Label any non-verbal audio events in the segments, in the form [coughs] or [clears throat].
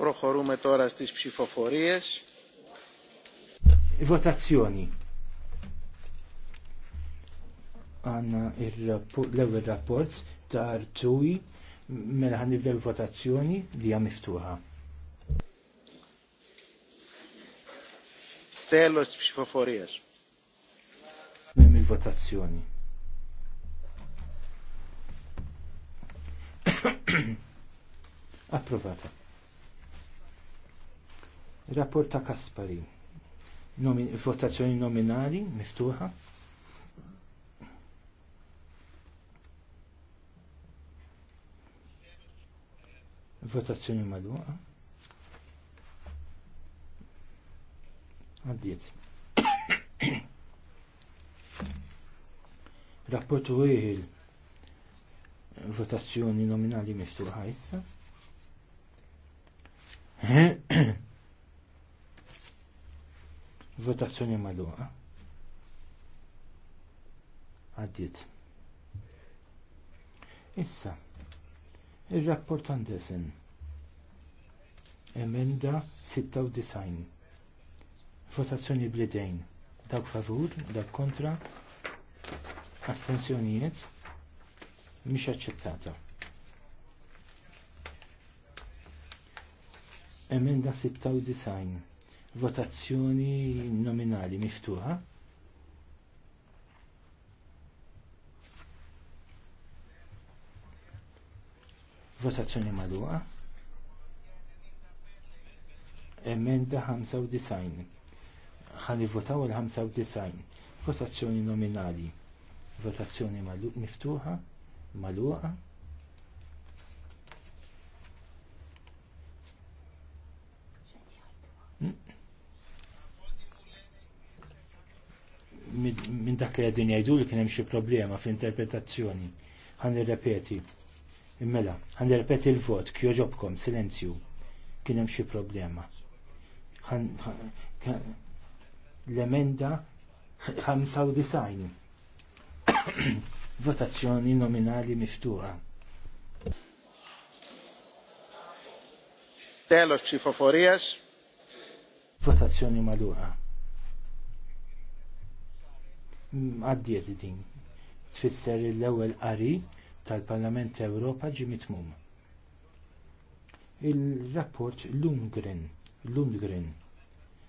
Proħorume tora stis psifoforijas. Votazzjoni. Għanna l-ewel rapport ta' Artui mela ħanibda l-votazzjoni li hija miftuħa. Tello psifoforijas. Mim il-votazzjoni. [coughs] approvata. Rapport ta' Kaspari. votazzjoni nominali, miftuħa. Votazzjoni madwaqa. Għaddiet. [coughs] Rapport u votazzjoni nominali miftuħa issa. [coughs] Votazzjoni magħluqa. Għaddit. Issa, il-rapport għandesen. Emenda 96. Votazzjoni bledejn. Dak favur, dak kontra, astensjonijiet, mhix aċċettata. Emenda 96 votazzjoni nominali miftuħa. Votazzjoni madwa. Emenda 95. Ħani votaw il-95. Votazzjoni nominali. Votazzjoni miftuħa, maluqa. dak li għedin jajdu li kien hemm xi problema fl-interpretazzjoni. Ħan irrepeti. Immela, ħan irrepeti l-vot, kjoġobkom, silenzju. Kien hemm xi problema. L-emenda 95. [coughs] Votazzjoni nominali miftuħa. Telos psifoforijas. Votazzjoni maluqa għaddiet din. Tfisser l-ewwel qari tal-Parlament Ewropa ġi mitmum. Il-rapport Lundgren, Lundgren,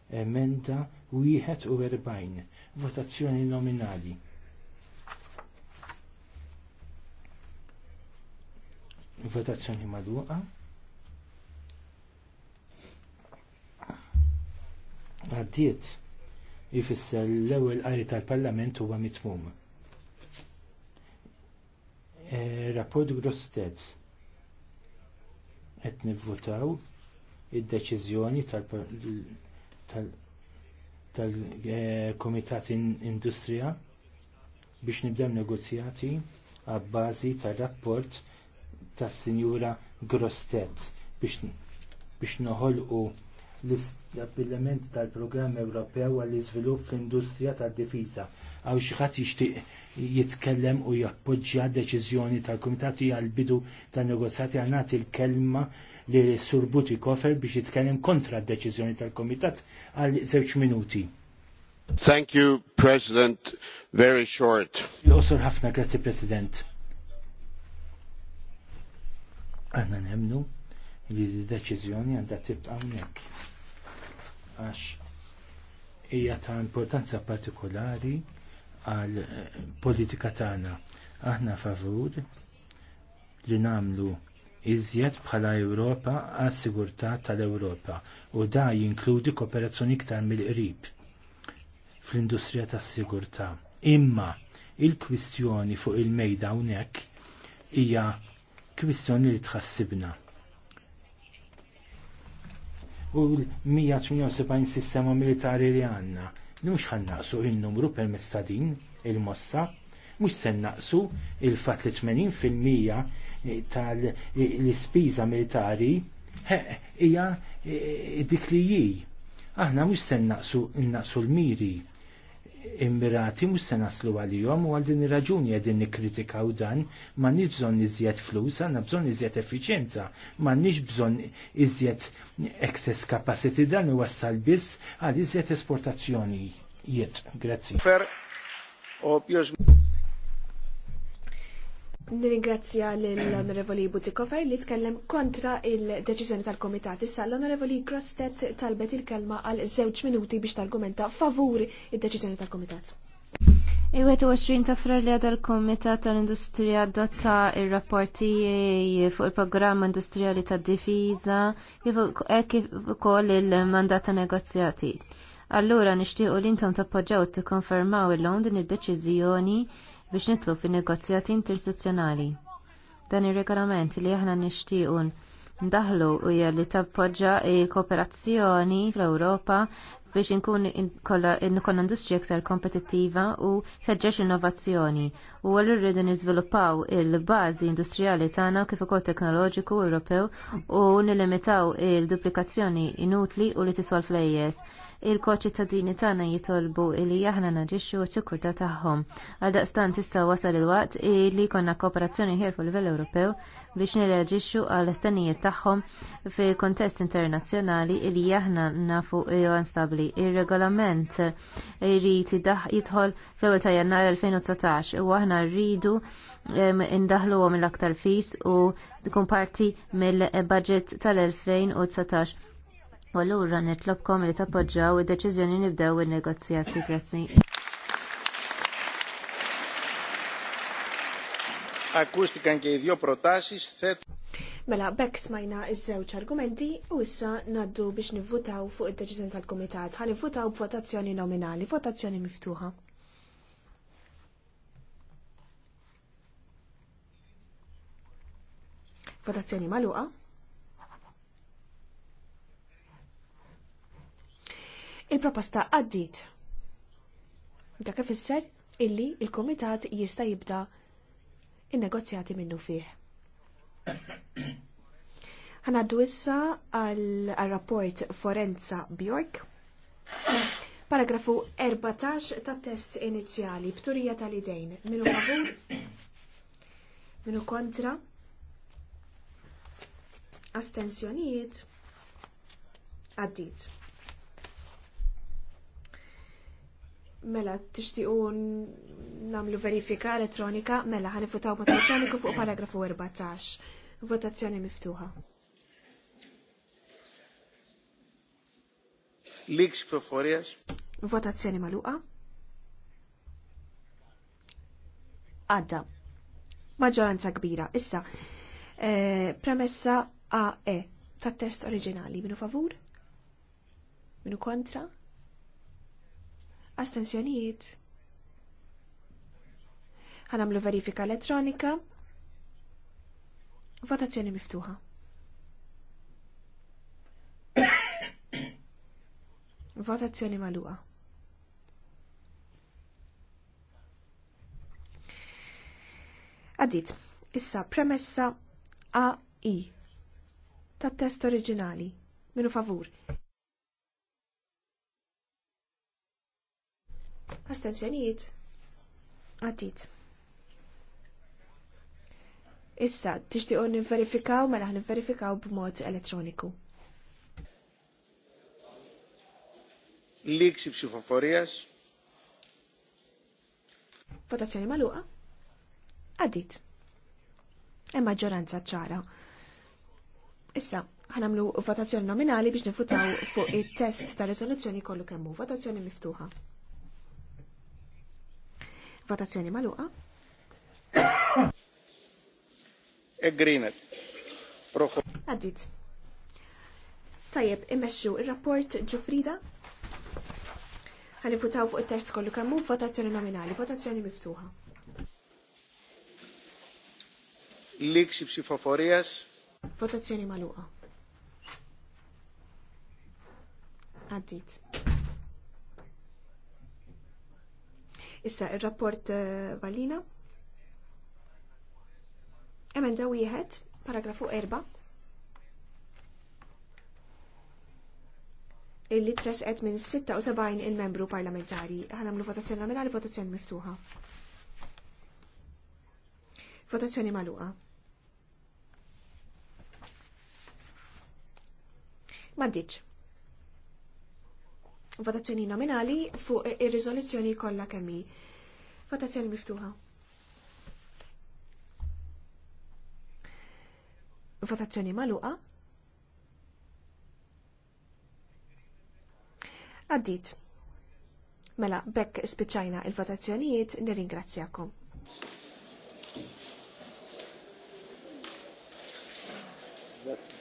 emenda 41, votazzjoni nominali. votazzjoni madwuqa. Għaddiet Jifisser l-ewwel qari tal-Parlament huwa mitmum. E, rapport Grostet qed nivvutaw id-deċiżjoni tal-Komitat tal, tal e, Industrija biex nibdew negozjati għabbażi tar-rapport tas-Sinjura Grostet biex, biex noħolqu l-istabilment tal-programm Ewropew għall iżvilupp fl-industrija tad-difiża. Għaw xi ħadd jixtieq jitkellem u jappoġġja deċiżjoni tal kumitati għal bidu tan-negozjati għal nagħti l-kelma li Surbuti kofer biex jitkellem kontra d-deċiżjoni tal-Kumitat għal żewġ minuti. Thank you, President. Very short. il ħafna, grazzi President. Għanna nemnu li d-deċiżjoni għandha tibqa' għamnek. għax hija ta' importanza partikolari għal eh, politika tagħna. Aħna favur li nagħmlu iżjed bħala Ewropa għas sigurtà tal-Ewropa u da jinkludi kooperazzjoni iktar mill-qrib fl-industrija tas-sigurtà. Imma il-kwistjoni fuq il-mejda hawnhekk hija kwistjoni li tħassibna u l-178 sistema militari li għandna. Mhux għan naqsu il-numru per ta' din il-mossa, mhux se naqsu il-fatt li 80% eh, tal-ispiża eh, militari hija eh, dik li jij. Aħna mhux se naqsu il l-miri immirati mhux se naslu għalihom u għal din ir-raġuni qegħdin nikkritikaw dan m'għandniex bżonn iżjed flus, għandna bżonn iżjed effiċjenza, m'għandniex bżonn iżjed excess capacity dan wassal biss għal iżjed esportazzjonijiet. Grazzi. Nirringrazzja l-Onorevoli Butikofer li tkellem kontra il-deċiżjoni tal-Komitat. Issa l-Onorevoli Grostet talbet il-kelma għal żewġ minuti biex tal-argumenta favur il-deċiżjoni tal-Komitat. Il-21 ta' frarlija tal-Komitat tal-Industrija adotta il-rapporti fuq il-Programma Industrijali tad-Difiża eh, kif ukoll il-mandat ta' negozjati. Allura nixtiequ li intom tappoġġaw tikkonfermaw il-lon din id-deċiżjoni il biex nitlu fin negozjati intersezzjonali. Dan ir-regolament li aħna nixtiequ ndaħlu hija li tappoġġa l-kooperazzjoni fl-Ewropa biex inkun nkun industrija iktar kompetittiva u teġġeġ innovazzjoni. U għallu rridu niżviluppaw il-bażi industrijali tagħna kif ukoll teknoloġiku Ewropew u nilimitaw il-duplikazzjoni inutli u li tiswal flejjes il-koċittadini tagħna jitolbu li aħna naġixxu s-sikurtà tagħhom. Għaldaqstant issa wasal il-waqt li jkollna kooperazzjoni ħir fuq livell Ewropew biex nirreġixxu għal estenijiet tagħhom fi kontest internazzjonali li aħna nafu jew stabbli. Ir-regolament irid jidħol fl-ewwel ta' Jannar 2019 u aħna rridu indaħluhom l-aktar fis u tkun parti mill-budget tal-2019 U allura nitlobkom li tappoġġjaw id-deċiżjoni nibdew in-negozjati. Grazzi. Akustikan ke idjo protasis thet. Mela, bekk smajna iż-żewġ argumenti u issa naddu biex nivvutaw fuq id-deċiżjoni tal-Kumitat. Ħa nivvutaw b'votazzjoni nominali, votazzjoni miftuħa. Votazzjoni maluqa. il-proposta għaddit. Dak ifisser illi il-Komitat jista' jibda in-negozjati minnu fih. [clears throat] Ħanaddu issa għal-rapport Forenza Bjork. Paragrafu 14 ta' test inizjali b'turija tal-idejn. Minu favur? [clears throat] Minu kontra? Astenzjonijiet. Għaddit. Mela, tixtiqu namlu verifika elettronika, mela, ħanifutaw vot elettroniku fuq paragrafu 14. Votazzjoni miftuħa. Liks proforjas. Votazzjoni maluqa. Għadda. Maġġoranza kbira. Issa, eh, premessa AE tat-test oriġinali. Minu favur? Minu kontra? astensjonijiet. Ħanamlu verifika elettronika. Votazzjoni miftuħa. Votazzjoni maluqa. Għaddit, issa premessa A-I tat test oriġinali. Minu favur. astenzjonijiet għatit. Issa, n-verifikaw, mela b-mod b'mod elettroniku. Λήξη ψηφοφορίας. Votazzjoni maluqa. Għadit. E maġġoranza ċara. Issa, ħanamlu votazzjoni nominali biex nifutaw fuq it-test tal riżoluzzjoni kollu kemmu. Votazzjoni miftuħa. Votazzjoni maluqa. Egrinet. Għaddit. Tajjeb, immexxu il-rapport ġufrida. Għanifutaw fuq il-test kollu kammu votazzjoni nominali, votazzjoni miftuħa. Liksi psifoforijas. Votazzjoni maluqa. Għaddit. Issa, il-rapport eh, Valina. Emenda wieħed, paragrafu 4. Illi tresqet minn 76 il-membru parlamentari. Ħanamlu votazzjoni nominali, votazzjoni miftuħa. Votazzjoni maluqa. Maddiċ. Votazzjoni nominali fuq ir-riżoluzzjoni kollha kemm hi. Votazzjoni miftuħa. Votazzjoni magħluqa. Għaddit. Mela, bekk spiċċajna il-votazzjonijiet, nirringrazzjakom. Thank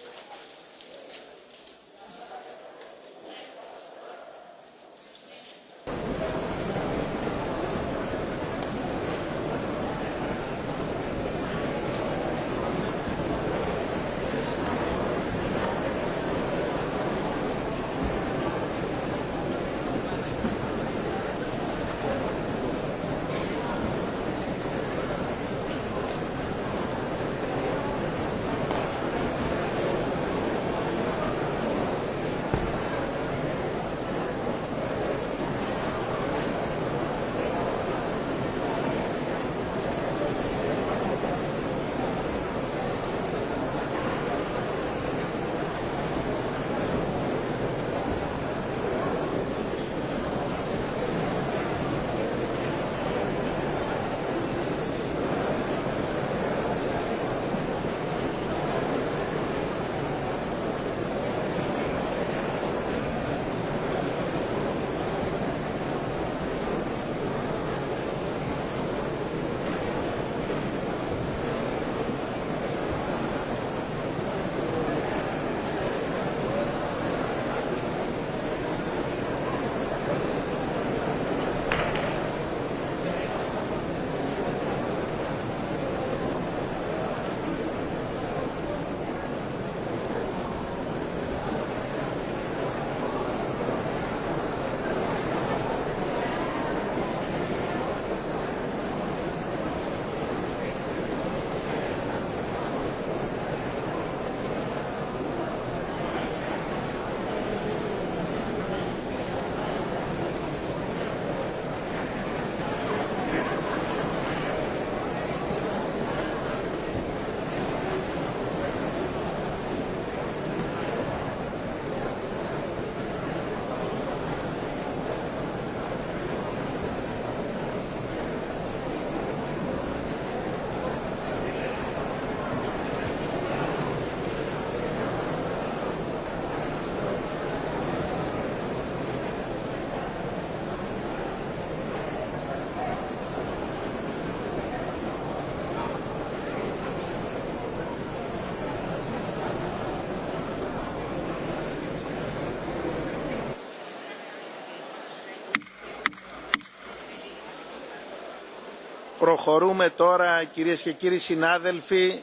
Προχωρούμε τώρα, και κύριοι συνάδελφοι.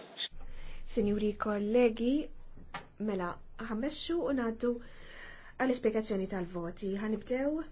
Signori colleghi, mela, ħammessu u naddu għall-espiegazzjoni tal-voti. Ħanibdew